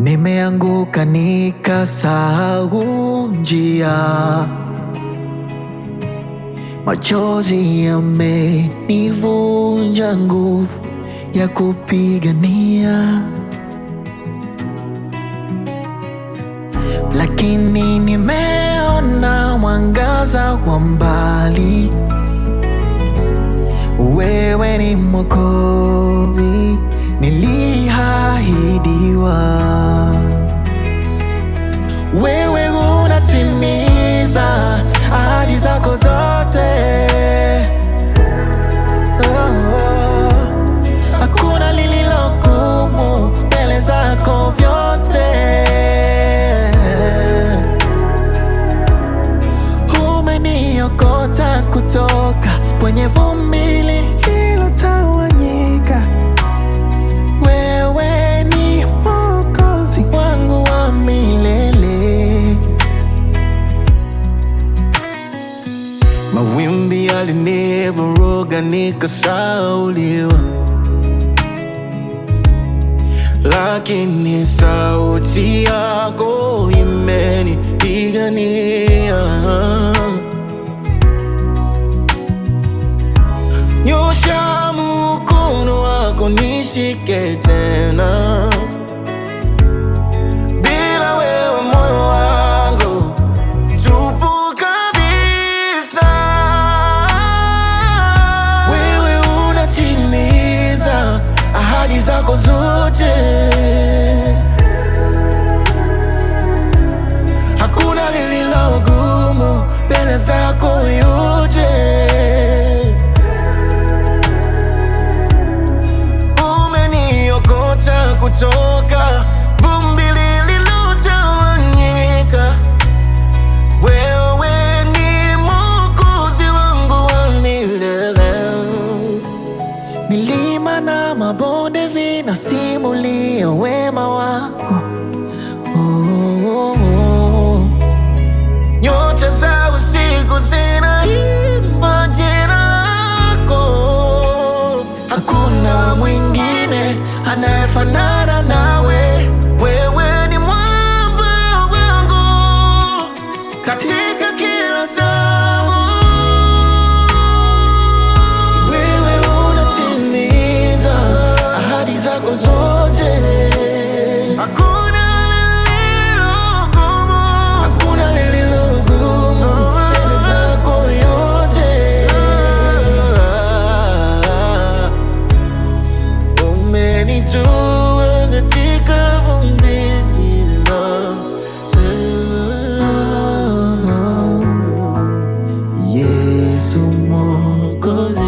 Nimeanguka nikasahau njia, machozi yamenivunja nguvu ya kupigania, lakini nimeona mwangaza wa mbali. Wewe ni Mwokozi. kwenye vumbi lililotawanyika. Wewe ni Mwokozi wangu wa milele. Mawimbi yalinivuruga nikasauliwa, lakini sauti yako imenipigania. nishike tena bila wewe, moyo wangu tupu kabisa. Wewe unatimiza ahadi zako zote, hakuna lililogumu mbele za simulia wema wako oh, oh, oh. Nyota za usiku zinaimba jina lako, hakuna mwingine anayefanana nawe, wewe ni mwamba wangu kati cause